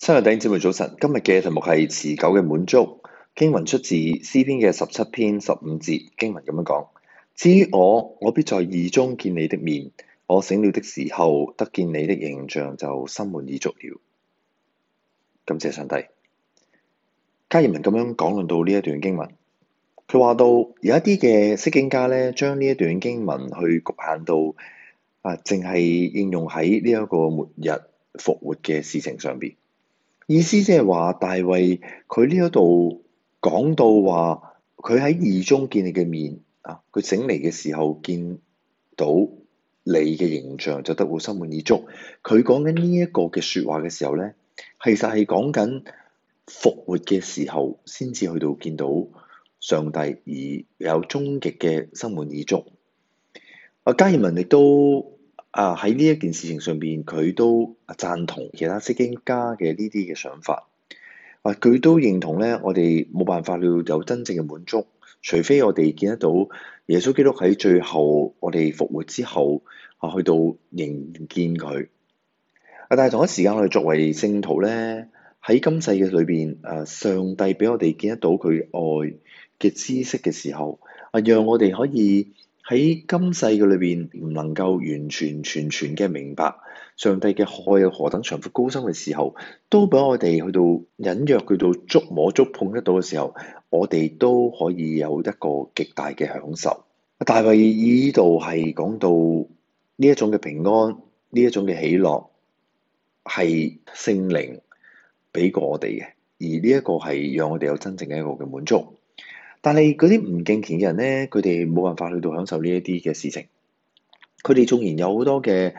親愛的姊妹早晨，今日嘅題目係持久嘅滿足。經文出自詩篇嘅十七篇十五節經文咁樣講。至於我，我必在義中見你的面，我醒了的時候，得見你的形象就心滿意足了。感謝上帝。加爾文咁樣講論到呢一段經文，佢話到有一啲嘅釋經家咧，將呢一段經文去局限到啊，淨係應用喺呢一個末日復活嘅事情上邊。意思即係話，大衛佢呢一度講到話，佢喺義中見你嘅面啊，佢醒嚟嘅時候見到你嘅形象，就得到心滿意足。佢講緊呢一個嘅説話嘅時候咧，其實係講緊復活嘅時候先至去到見到上帝而有終極嘅心滿意足。阿加爾文亦都。啊！喺呢一件事情上邊，佢都啊贊同其他釋經家嘅呢啲嘅想法。啊，佢都認同呢我哋冇辦法要有真正嘅滿足，除非我哋見得到耶穌基督喺最後我哋復活之後啊，去到認見佢。啊！但係同一時間，我哋作為聖徒呢，喺今世嘅裏邊啊，上帝俾我哋見得到佢愛嘅知識嘅時候啊，讓我哋可以。喺今世嘅裏邊，唔能夠完全全全嘅明白上帝嘅愛有何等長闊高深嘅時候，都俾我哋去到隱約去到觸摸觸碰得到嘅時候，我哋都可以有一個極大嘅享受。大衛爾度係講到呢一種嘅平安，呢一種嘅喜樂係聖靈俾過我哋嘅，而呢一個係讓我哋有真正嘅一個嘅滿足。但係嗰啲唔敬虔嘅人咧，佢哋冇辦法去到享受呢一啲嘅事情。佢哋縱然有好多嘅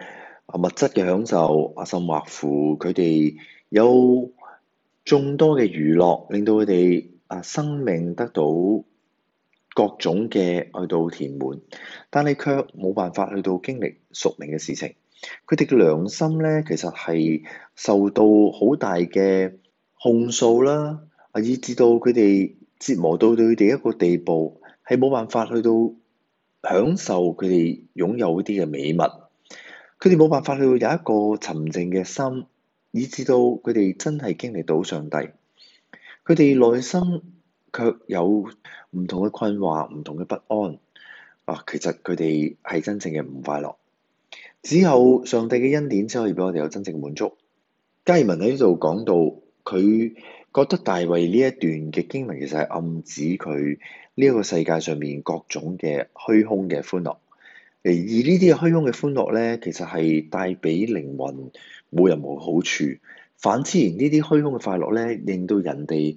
啊物質嘅享受啊，甚或乎佢哋有眾多嘅娛樂，令到佢哋啊生命得到各種嘅愛到填滿。但係卻冇辦法去到經歷屬靈嘅事情。佢哋嘅良心咧，其實係受到好大嘅控訴啦，啊以致到佢哋，折磨到佢哋一個地步，係冇辦法去到享受佢哋擁有嗰啲嘅美物，佢哋冇辦法去到有一個沉靜嘅心，以至到佢哋真係經歷到上帝，佢哋內心卻有唔同嘅困惑、唔同嘅不安。啊，其實佢哋係真正嘅唔快樂。只有上帝嘅恩典先可以俾我哋有真正滿足。加爾文喺呢度講到佢。覺得大衛呢一段嘅經文其實係暗指佢呢一個世界上面各種嘅虛空嘅歡樂，而呢啲嘅虛空嘅歡樂咧，其實係帶俾靈魂冇任何好處。反之，而呢啲虛空嘅快樂咧，令到人哋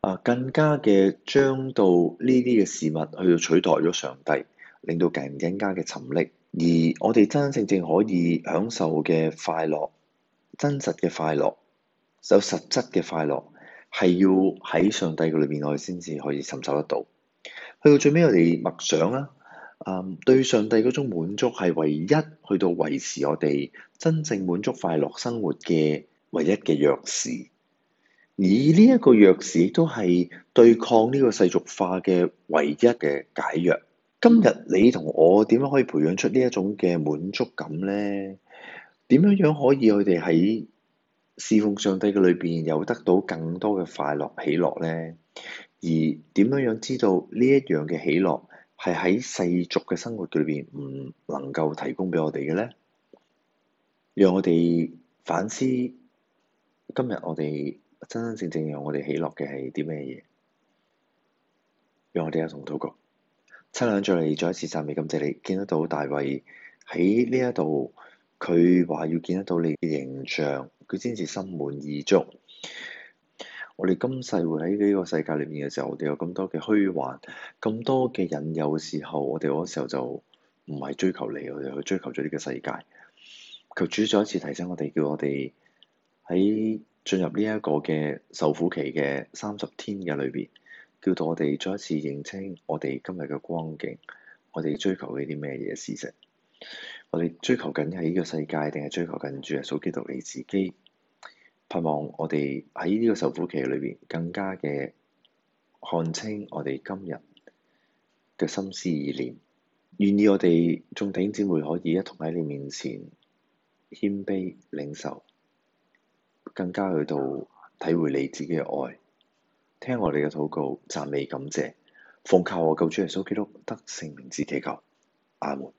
啊更加嘅將到呢啲嘅事物去到取代咗上帝，令到更加嘅沉溺。而我哋真真正正可以享受嘅快樂，真實嘅快樂，有實質嘅快樂。係要喺上帝嘅裏面，我哋先至可以尋找得到。去到最尾，我哋默想啦，嗯，對上帝嗰種滿足係唯一去到維持我哋真正滿足快樂生活嘅唯一嘅弱視。而呢一個弱視都係對抗呢個世俗化嘅唯一嘅解藥。今日你同我點樣可以培養出呢一種嘅滿足感呢？點樣樣可以我哋喺侍奉上帝嘅裏邊有得到更多嘅快樂喜樂咧，而點樣樣知道呢一樣嘅喜樂係喺世俗嘅生活裏邊唔能夠提供俾我哋嘅咧，讓我哋反思今日我哋真真正正讓我哋喜樂嘅係啲咩嘢？讓我哋一同我哋禱告。親兩再嚟再一次讚美，感謝你。見得到大衛喺呢一度，佢話要見得到你嘅形象。佢先至心滿意足。我哋今世會喺呢個世界裏面嘅時候，我哋有咁多嘅虛幻，咁多嘅引誘，時候我哋嗰時候就唔係追求你，我哋去追求咗呢個世界。求主再一次提醒我哋，叫我哋喺進入呢一個嘅受苦期嘅三十天嘅裏邊，叫到我哋再一次認清我哋今日嘅光景，我哋追求嘅啲咩嘢事實。我哋追求緊係呢個世界，定係追求緊主耶穌基督你自己？盼望我哋喺呢個受苦期裏邊，更加嘅看清我哋今日嘅心思意念。願意我哋眾弟兄姊妹可以一同喺你面前謙卑領受，更加去到體會你自己嘅愛，聽我哋嘅禱告，讚美感謝，奉靠我救主耶穌基督得勝名字祈求，阿門。